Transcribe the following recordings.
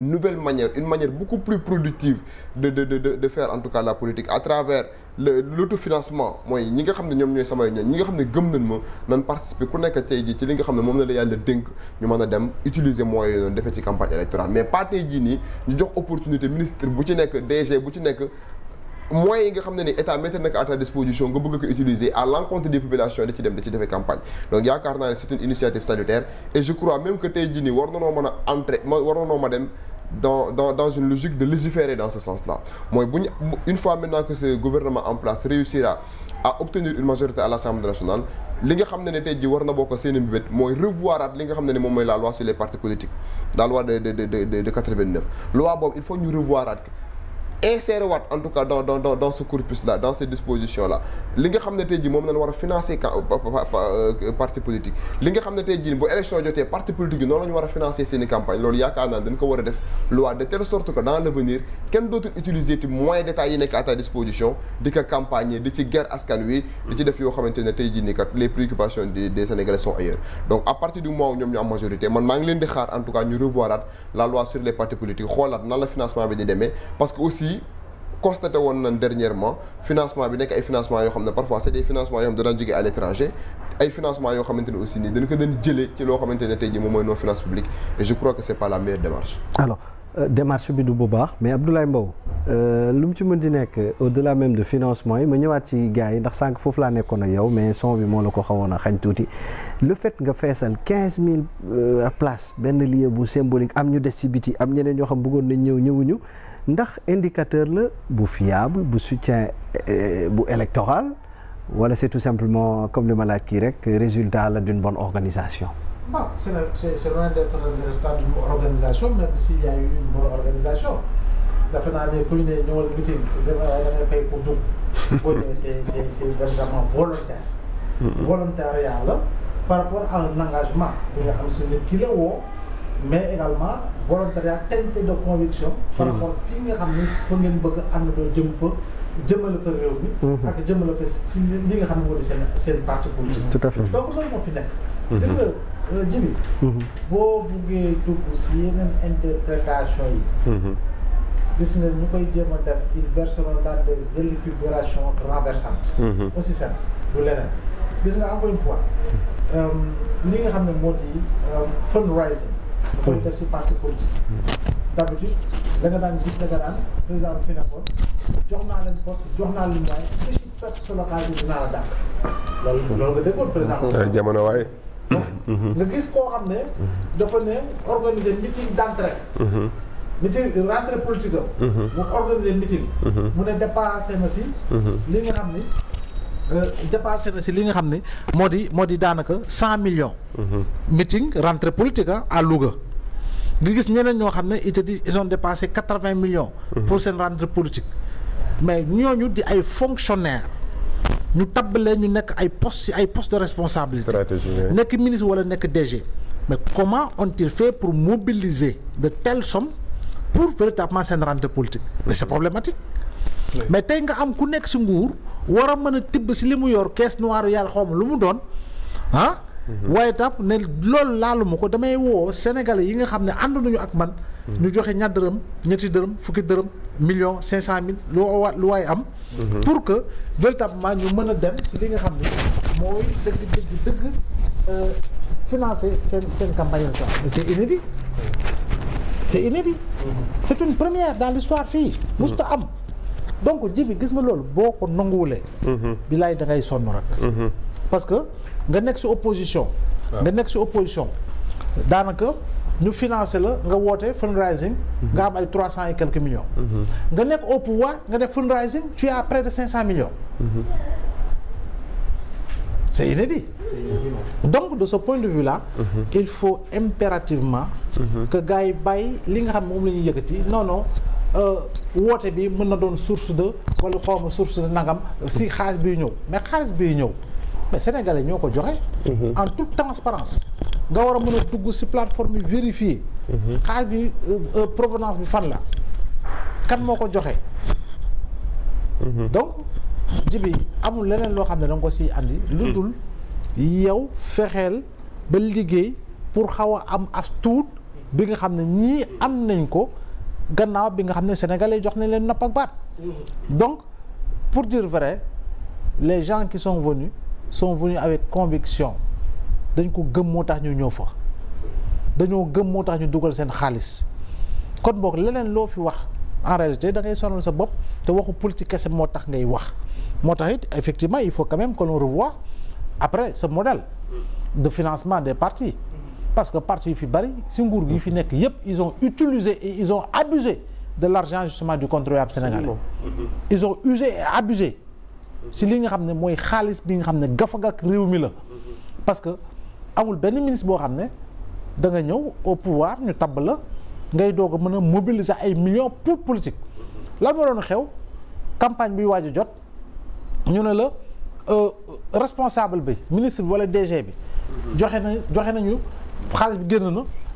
nouvelle manière une manière beaucoup plus productive de de de de faire en tout cas la politique à travers le l'autofinancement mooy ñi nga xam ne ñoom ñooy samay ñoom ñi nga xam ne gëm nañ ma nan participer ku nekk tey jii ci li nga xam ne moom la la yàlla dénk ñu mën a dem utiliser moyens yooyu noonu defee ci campagne électorale mais pas tey jii nii ñu jox opportunité ministre bu ci nekk DG bu ci nekk. moyens yi nga xam ne ni état mettre na ko à ta disposition nga bëgg ko utiliser à l'encontre des populations da ci a entrer war na noo ma dans dans dans une logique de légiférer dans ce sens-là mooy bu ñu une fois maintenant que ce gouvernement en place réussira à obtenir une majorité à l'Assemblée nationale li nga xam ne ne tey jii war na bokk seen mbébét mooy revoiraat li nga xam ne ne moom mooy la loi sur les partis politiques la loi de de de de de 89 loi boobu il faut ñu revoiraat insérer waat en tout cas dans dans dans dans ce corpus là dans ces dispositions là li nga xam ne tey jii moom la war a financer euh, euh, parti politique li nga xam ne tey jii bu élection jotee parti politique yi noonu la war a financer seen i campagne loolu yaakaar naa dañ ko war a def loi de telle sorte que dans l' avenir kenn dootul utiliser ci moyens d' yi nekk à disposition di ko campagne di ci ger askan wi di ci def yoo xamante tey jii nii kat les préoccupations constaté woon nañ dernièrement financement bi nekk ay financement yoo xam ne parfois c'est des financements yoo xam ne danañ jógee à l'étranger ay financement yoo xamante ne aussi nii dañ ko doon jëlee ci loo xamante ne tey jii mooy nos finances publiques je crois que c'est pas la meilleure démarche alors euh, bi du bu baax mais Abdoulaye Mbow euh, lu mu ci mën di nekk euh, au-delà même de financement yi ma ñëwaat ci gars yi ndax sànq foofu laa nekkoon ak yow mais son bi moo la ko xawoon a xañ tuuti le fait nga feesal quinze mille euh, bu symbolique am ñu des ci am ñeneen ñoo xam bëggoon nañ ñëw ñëwuñu ndax indicateur la bu fiable bu soutien euh, bu électoral wala c'est tout simplement comme li ma laaj kii rek résultat la d'une bonne organisation bon c'est c'est loin d'être résultat d'une organisation même s'il y une bonne organisation dafe naa ne ku ñu ne ñëwal meeting dafa da ngay fay pour dugg boo ñëwee c'est c'est c'est vraiment volontaire mm-hmm. volontaire yàlla par rapport à un engagement bi nga xam si nit ki la woo mais également volontariat qualité de conviction par hmm. rapport fii nga xam ne fa ngeen bëgg ànd doo jëm fa jëmale fa réew mi hmm. ak jëmale fa si li nga xam ne moo di seen seen ci politique tout à fait donc loolu moo fi nekk hmm. euh, boo buggee dugg si yeneen interprétation yi gis nga ñu koy jéem a def ils verseront dans des élucubrations renversantes aussi simple du leneen gis nga encore une fois euh, li nga xam ne moo di euh, fundraising mooy def si parti politique d'habitude da nga daan gis da a daan président bi fi nekkoon jox naa leen poste jox naa leen waaye te si perte sa localité dinaa la dàq loolu loolu nga déggoon président euh, jamono waaye nga gis koo xam ne dafa ne organiser meeting d'entrée mhm. meeting rentrée politique am mhm. mu organiser meeting mhm. mu ne dépassé na si li nga xam ni Euh, dépassé na si li nga xam ne moo di moo di daanaka cent millions. Mhm. meeting rentrée politique à Louga. nga gis ñeneen ñoo xam ne it di ils ont dépassé quatre vingt millions. Mhm. pour seen rentrée politique. mais ñoo ñu di ay fonctionnaires. ñu tabbalee ñu nekk ay post si ay postes de responsabilité. nekk ministre wala nekk DG. mais comment ont-ils fait pour mobiliser de telles sommes pour véritablement seen rentrée politique. mais c'est problématique. mais tey nga am ku nekk si nguur. war a mën a tibb si li mu yor caisse noire yàlla xaw ma lu mu doon ah. Mhm. waaye tam ne loolu laaluma ko damay woo sénégalais yi nga xam ne ànd nañu ak man. Mhm. ñu joxe ñaar dërëm ñetti dërëm fukki dërëm million cinq cent mille lu wa lu waay am. Mhm. pour que véritablement ñu mën a dem si li nga xam ne mooy dëgg dëgg dëgg euh, seen seen campagne électorale mais c'est inédit. c'est inédit. c'est une première dans l'histoire fii. musta am. donc ji gis nga loolu boo ko nanguwulee. Mhm. bilaay da ngay sonn rek. Mhm. parce que nga nekk si opposition. nga nekk si opposition daanaka ñu financé la nga woote fundraising. nga am ay trois cent yi quelques millions. Mhm. nga nekk au pouvoir nga def fundraising tu as près de cinq cent millions. sa est inédit. donc de ce point de vue là. il faut impérativement. que gars yi bàyyi li nga xam moom la ñuy yëkkati non Euh, woote bi mën na doon source de wala xaw ma source de nangam euh, si xaalis biy ñëw mais xaalis biy ñëw mais sénégalais ñoo ko joxe. Mhm. en toute transparence nga war a mën a dugg si plateforme yi vérifier. Mhm. xaalis bi euh, provenance bi fan la kan moo ko joxe. Mhm. donc jibi amul leneen loo xam ne da nga ko siy andi. lu dul yow fexeel ba liggéey pour xaw a am as tuut bi nga xam ne ñii am nañ ko. gannaaw bi nga xam ne sénégalais jox nañ leen nopp ak baat donc pour dire vrai les gens qui sont venus sont venus avec conviction dañ ko gëm moo tax ñu ñëw fa dañoo gëm moo tax ñu dugal seen xaalis kon boog leneen loo fi wax en réalité da ngay sonal sa bopp te waxu politique kese moo tax ngay wax moo tax it effectivement il faut quand même que l'on revoie après sa modèle de financement des partie parce que parti yu fi bëri si nguur gi fi nekk yépp ils ont utilisé et ils ont abusé de l'argent justement du contribuable sénégalais mm-hmm. ils ont usé et abusé si li nga xam ne mooy xaalis bi nga xam ne gafagak réew mi la mm-hmm. parce que amul benn ministre boo xam ne da nga ñëw au pouvoir ñu tabb la ngay doog a mën a mobiliser ay millions pour politique mm-hmm. lan moo doon xew campagne bi waaj a jot ñu ne la euh, responsable bi ministre bi wala DG bi joxe na joxe nañu xaalis bi génn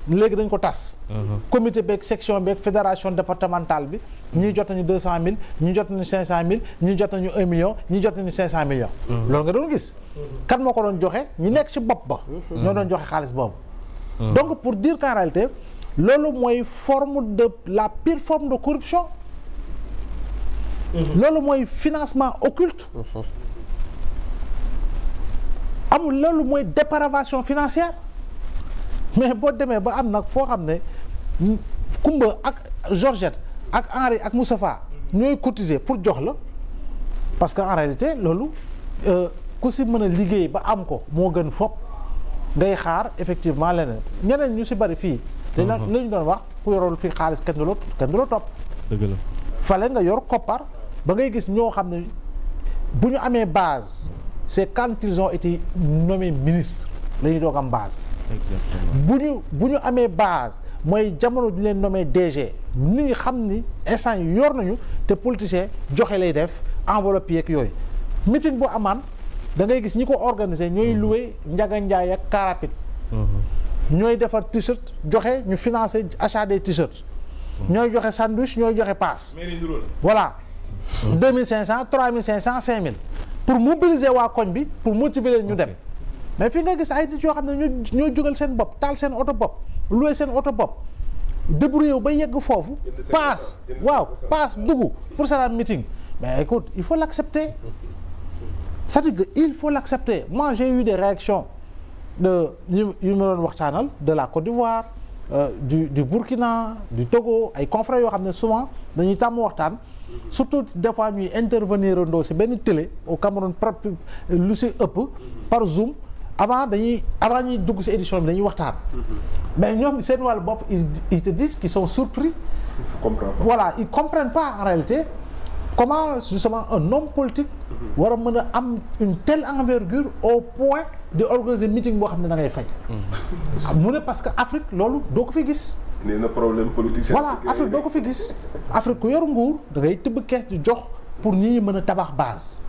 na léegi dañ ko tas. Mhm. comité beeg section beeg fédération départementale bi ñii jot nañu deux cent mille ñii jot nañu cinq cent mille ñii jot nañu un million ñii jot nañu cinq cent millions. Mhm. loolu nga doon gis. Mhm. kan moo ko doon joxe ñi nekk ci bopp ba. ñoo doon joxe xaalis boobu. donc pour dire qu'en réalité loolu mooy forme de la pire forme de corruption. loolu mooy financement occulte. amul loolu mooy dépravation financière. mais boo demee ba am nag foo xam ne Kumba ak Georgette ak Henri ak Moustapha ñooy cotiser pour jox la parce que en réalité loolu euh, ku si mën a liggéey ba am ko moo gën fopp ngay xaar effectivement leneen ñeneen ñu si bari fii. dañ la mhm. ñu doon wax ku yorul fii xaalis kenn du la kenn du la topp. dëgg fale nga yor koppar ba ngay gis ñoo xam ne bu ñu amee base c'est quand ils ont été nommés ministres. la ñuy doog am base. bu ñu bu ñu amee base mooy jamono ju leen nommé DG nit ñi xam ni instant yi yor nañu te politicien joxe lay def enveloppe yeeg yooyu meeting bu amaan da ngay gis ñi ko organiser ñooy mm-hmm. loué njaga njaay ak carapit mm-hmm. ñooy defar t-shirt joxe ñu financé achat des t-shirt mm-hmm. ñooy joxe sandwich ñooy joxe paas voilà deux mille cinq cent trois mille cinq cent cinq mille pour mobiliser waa koñ bi pour motiver leen ñu dem mais fi nga gis ay nit yoo xam ne ñoo ñoo jógal seen bopp taal seen oto bopp loué seen oto bopp débrouillé ba yegg foofu paas waaw paas dugg pour salaan meeting mais écoute il faut l'accepter cest à il faut l'accepter moi j'ai eu des réactions de yu yu waxtaanal de la Côte d'Ivoire euh, du du Burkina du Togo ay confrères yoo xam ne souvent dañuy tàmm waxtaan surtout des fois ñuy intervenir ndoo si benn télé au Cameroun propre lu si ëpp par Zoom avant dañuy avant ñuy dugg si édition bi dañuy waxtaan. Mm-hmm. mais ñoom seen wall bopp ils te disent qu'ils sont surpris. ils comprennent pas. voilà ils comprennent pas en réalité comment justement un homme politique. Mm-hmm. war a mën a am une telle envergure au point de organiser meeting boo xam ne da ngay fay. Mm-hmm. Ah, mu ne parce que Afrique loolu doo ko fi gis. nee na problème voilà Afrique doo ko fi gis Afrique ku yor nguur da ngay tëbb kees di jox pour ñu mën a tabax baas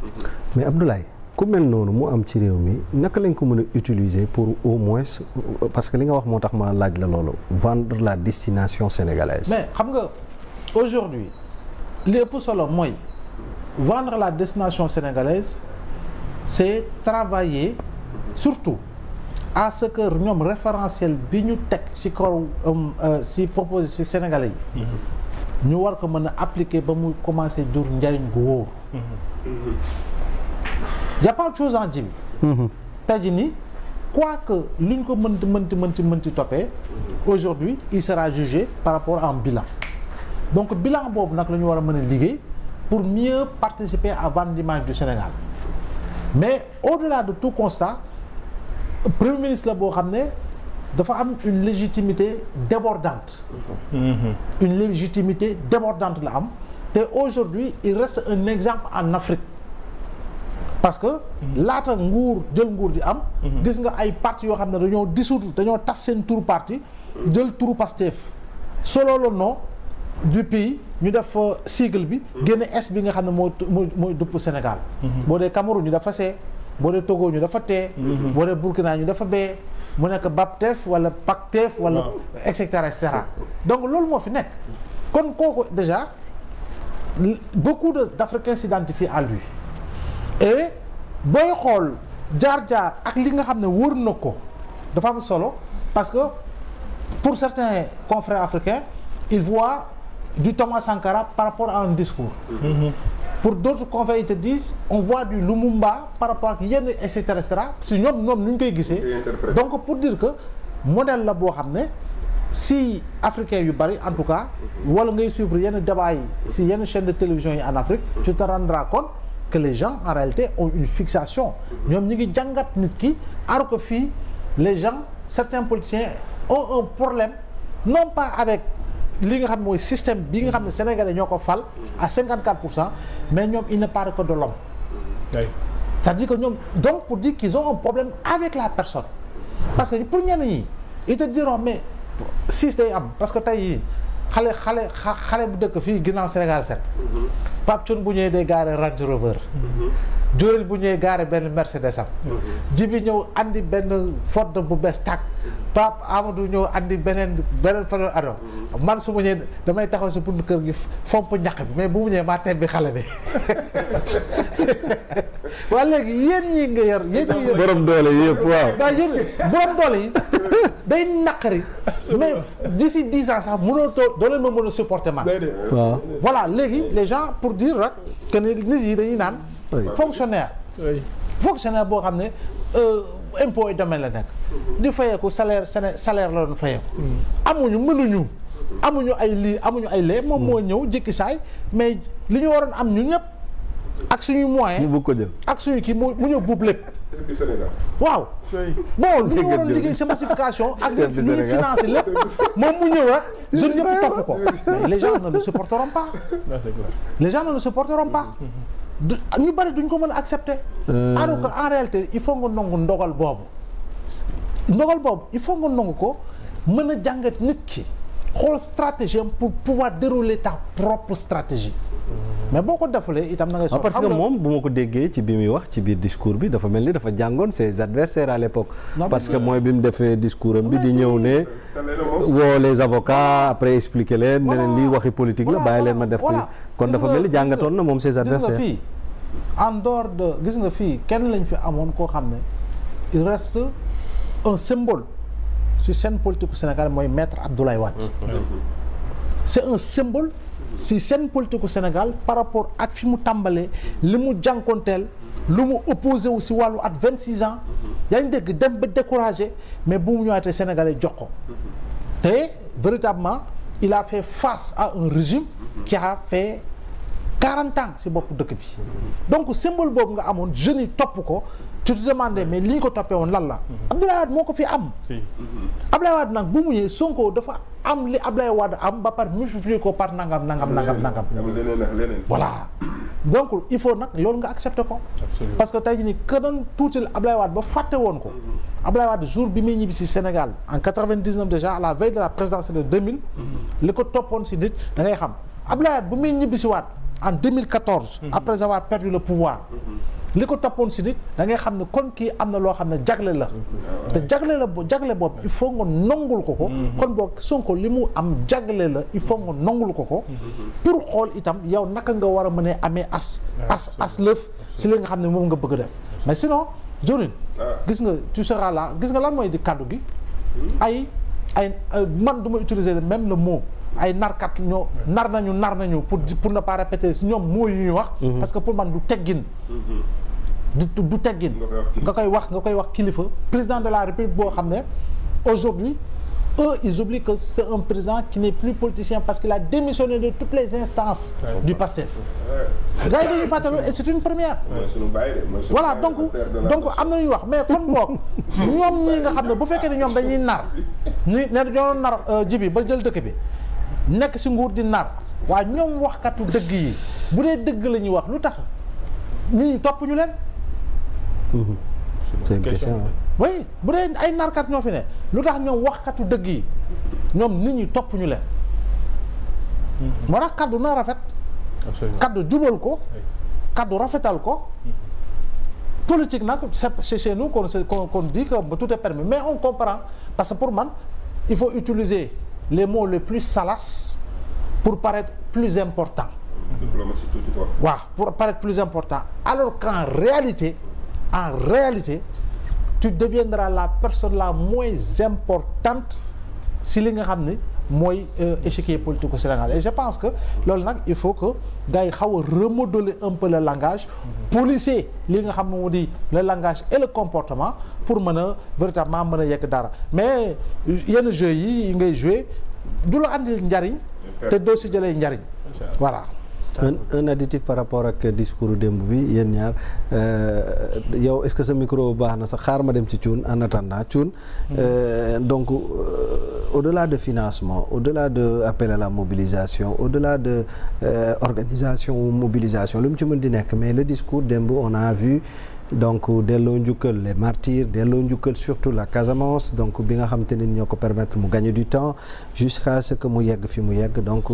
mais Abdoulaye. ku mel noonu mu am ci réew mi naka lañ ko mën a utiliser pour au moins parce que li nga wax moo tax ma laaj la loolu vendre la destination sénégalaise. mais xam nga aujourd'hui li ëpp solo mooy vendre la destination sénégalaise c'est travailler surtout à ce que ñoom référentiel bi ñu teg ci kaw euh, euh, ci proposé ci sénégal yi. Mm-hmm. ñu war ko mën a appliquer ba mu commencer jur njariñ gu wóor. Mm-hmm. Mm-hmm. y a pas autre chose en Djiby mm-hmm. tey ni nii que lu ñu ko mënti mënti mënti mënti toppee aujourd'hui il sera jugé par rapport à un bilan donc bilan boobu nag la ñu war a mën a liggéey pour mieux participer à vendre du Sénégal mais au-delà de tout constat premier ministre la boo xam ne dafa am une légitimité débordante mm-hmm. une légitimité débordante la am te aujourd'hui il reste un exemple en Afrique parce que mhm. laata nguur jël nguur di am mhm. gis nga ay parti yoo xam ne dañoo dissoudre dañoo tas seen turu parti jël turu Pastef solo la non du pays ñu def sigle bi mhm. génn es bi nga xam ne moo mooy dupp Sénégal boo dee Cameroun ñu dafa see boo dee Togo ñu dafa tee boo dee Burkina ñu dafa bee mu nekk BAPTEF wala PACTEF wala et cetera et cetera donc loolu moo fi nekk kon kooku déjà beaucoup d'Africains s'identifient à lui et booy xool jaar-jaar ak li nga xam ne wër na ko dafa am solo parce que pour certains confrères africains ils voient du Thomas Sankara par rapport à un discours. Mm -hmm. pour d'autres confrères ils te disent on voit du Lumumba par rapport ak yenn et cetera et cetera si ñoom ñoom nu ñu koy gisee. donc pour dire que modèle la boo xam ne si africain yu bari en tout cas. Mm-hmm. wala ngay suivre yenn débat yi si yenn chaîne de télévision yi en Afrique. Mm-hmm. tu te rendras compte. que les gens en réalité ont une fixation ñoom ñi ngi jàngat nit ki alors que fii les gens certains politiciens ont un problème non pas avec li nga xam mooy système bi nga xam ne sénégalais ñoo ko fal à 54 pour cent mais ñoom il ne parle que de l'homme c'est-à-dire que ñoom donc pour dire qu'ils ont un problème avec la personne parce que pour ñenn yi ils te diront mais siis day am parce que tey xale xale xale bu dëkk fii ginnaaw Sénégal set mm-hmm. Pape Thion bu ñëwee day gaare Range Rover. Mhm. bu ñëwee gaare benn Mercedes am. Mhm. Jibi ñëw andi benn Ford bu bees tàkk. Mhm. Pape Amadou ñëw andi beneen beneen fanweeri ado ah man su ma ñëwee damay taxaw si buntu kër gi fomp ñaq bi mais bu mu ñëwee maa tebbi xale bi. waa léegi yéen ñi nga yar yéen ñi yar borom yëpp waaw daa doole yi day naqari mais d'ici dix ans sax mënoo too doo leen ma mën a waaw voilà léegi les gens pour dire rek que nit yi dañuy naan fonctionnaire fonctionnaire boo xam ne euh, impôt et domaine la nekk di fayeeku salaire salaire la doon fayeeku mm-hmm. amuñu mënuñu amuñu ay lii amuñu ay lee moom moo ñëw jëkki saay mais li ñu waroon am ñun ñëpp ak suñuy moyen mu bëgg ko jël kii mu ñëw buub lépp. waaw. bon lu ñu waroon liggéey sa massification ak ñu financé lépp moom mu ñëw rek zone yëpp topp ko mais les gens ne le supporteront pas. les gens ne le du ñu duñ ko mën a accepter. Euh. alors que en réalité il faut nga nangu ndogal boobu. ndogal boobu il faut nga nongu ko mën a jàngat nit ki xool stratégie am pour pouvoir dérouler ta propre stratégie. mais boo ko defulee itam na ngay ah, soxla parce que moom bu ma ko déggee ci bi muy wax ci biir discours bi dafa mel ni dafa jàngoon ses adversaires à l'époque parce que mooy bi mu defee discours am bi di ñëw ne woo les avocats après explique leen ne leen lii waxi politique la bàyyi leen ma def kon dafa mel ni jàngatoon na moom ses adversaires fii en dehors de gis nga fii kenn lañu fi amoon koo xam ne il reste un symbole si seen politique Sénégal mooy maître Abdoulaye Wade mm-hmm. c'est un si seen politiku Sénégal par rapport ak fi mu tàmbalee li mu jànkoonteel lu mu opposé wu si wàllu at vingt six ans yaa ngi dégg dem ba découragé mais bu mu ñëwaatee Sénégalais jox ko te véritablement il a fait face à un régime qui a fait quarante ans si bopp dëkk bi donc symbole boobu nga amoon jeunes yi topp ko tu te mais li ñu ko toppee woon lan la. Mhm. Abdoulaye Wade moo ko fi am. Mhm. Abdoulaye Wade nag bu mu ñëwee Sonko dafa am li Abdoulaye Wade am ba par multiplier ko par nangam nangam nangam nangam. voilà donc il faut nag loolu nga accepter ko. parce que tey jii nii ka doon tuuti la Abdoulaye Wade ba fàtte woon ko. Mhm. Abdoulaye Wade jour bi muy ñibbi si Sénégal en quatre-vingt-dix-neuf déjà à la veille de la présidentielle de deux mille. li ko toppoon si nit da ngay xam Abdoulaye Wade muy ñibbi si waat en 2014. après avoir perdu le pouvoir. li ko toppoon si nit da ngay xam ne kon kii am na loo xam ne jagle la te jagle la bo jagle boobu il faut nga nongul ko ko mm-hmm. kon boo Sonko li mu am jagle la il faut nga nongul ko ko mm-hmm. pour xool itam yow naka nga war a mën a amee as as as lëf si li nga xam ne moom nga bëgg a def mais sinon Jorin ah. gis nga tu seras là gis nga lan mooy di kàddu gi hmm? ay ay euh, man du ma utiliser même le mot ay narkat ñoo nar nañu nar nañu pour pour ne pas répéter si ñoom mooy yu ñuy wax. Mhm. parce que pour man du teggin. Mhm. du du teggin. nga koy wax nga koy wax kilifa. président de la république boo xam ne aujourd'hui eux ils oublient que c'est un président qui n'est plus politicien parce qu'il a démissionné de toutes les instances du PASTEF gars yi dañuy fàttali et c'est une première voilà donc donc am na ñuy wax mais kon boog ñoom ñii nga xam ne bu fekkee ne ñoom dañuy nar ñi ne ñoo nar euh, jibi ba jël dëkk bi nekk si nguur di nar waaye ñoom waxkatu dëgg yi bu dee dëgg lañuy wax lu tax ñun topp ñu leen. Mhm. c'est une question bu dee ay narkat ñoo fi ne lu tax ñoom waxkatu dëgg yi ñoom nit ñi topp ñu leen. Mhm. moo tax kaddu na rafet. kaddu jubal ko. kaddu rafetal ko. Mhm. politique nag c'est chez nous qu'on qu'on dit que tout permis mais on comprend parce que pour man il faut utiliser. les mots les plus salaces pour paraître plus important waaw pour paraître plus important alors qu'en réalité en réalité tu deviendras la personne la moins importante si li nga xam ne mooy euh, échiquier politique au Sénégal et je pense que loolu nag il faut que gars yi xaw a remodeler un peu le langage polisser li nga xam ne moo di langage et le comportement pour mën a véritablement mën a yegg dara mais euh, yenn jeux yi yi ngay jouer du la andil njariñ te doo si jëlee njariñ voilà un additif par rapport ak discours démb bi yéen ñaar euh, yow est-ce que sa micro baax na sa xaar ma dem ci cuun en attendant cuun mm-hmm. euh, donc euh, au-delà de financement au-delà de appel à la mobilisation au-delà de de organisation ou mobilisation lu mu ci mën di nekk mais le discours démb on a vu donc delloo njukkal les martyrs delloo njukkal surtout la Casamance donc bi nga xam te ne ñoo ko permetre mu gagner du temps jusqu'à ce que mu yegg fi mu yegg donc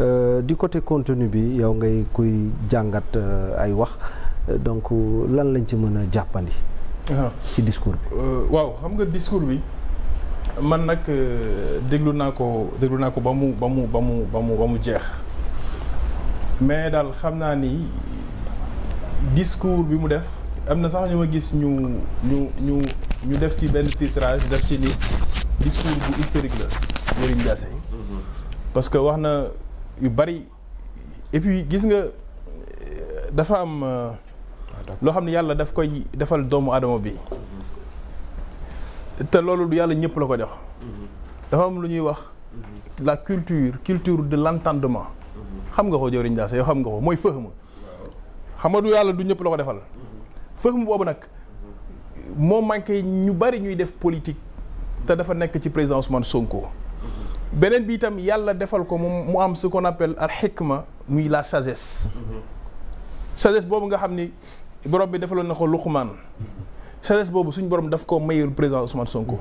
euh, du côté contenu bi yow ngay kuy jàngat euh, ay wax euh, donc lan lañ ci mën a jàppandi. Ah. ci discours bi. waaw xam nga discours bi man nag déglu naa ko déglu naa ko ba mu ba mu ba mu ba mu ba mu jeex mais daal xam naa ni discours bi mu def. am na sax ñu ma gis ñu ñu ñu ñu def ci benn titrage def ci ni discours bu historique la Yérim Diassé parce que wax na yu bari et puis gis nga dafa am euh, loo xam ne yàlla daf koy defal doomu aadama bi te loolu du yàlla ñëpp la ko jox dafa am lu ñuy wax la culture culture de l'entendement xam nga ko Yérim jaase yoo xam nga ko mooy fëhma du yàlla du ñëpp la ko defal fëxum boobu nag moo manqué ñu bari ñuy def politique te dafa nekk ci président Ousmane Sonko. beneen bi itam yàlla defal ko moom mu am ce qu'on appelle al xikma muy la sagesse. sagesse boobu nga xam ni borom bi defaloon na ko Luqman sagesse boobu suñ borom daf ko mayul président Ousmane Sonko.